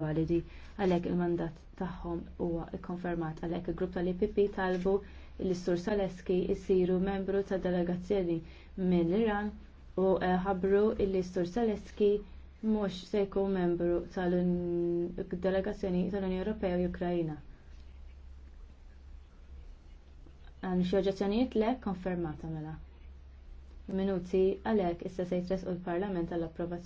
validi għalhekk il-mandat tagħhom huwa ikkonfermat għalhekk il-grupp tal-IPP talbu l-Istur Saleski jsiru membru ta' delegazzjoni minn iran u eh, ħabbru l-Istur Saleski mhux se jkun membru tal-delegazzjoni tal-Unjoni Ewropea u Ukrajina. Għan xi oġġezzjonijiet le konfermata mela. Minuti għalhekk issa se jitresqu l-Parlament għall-approvazzjoni.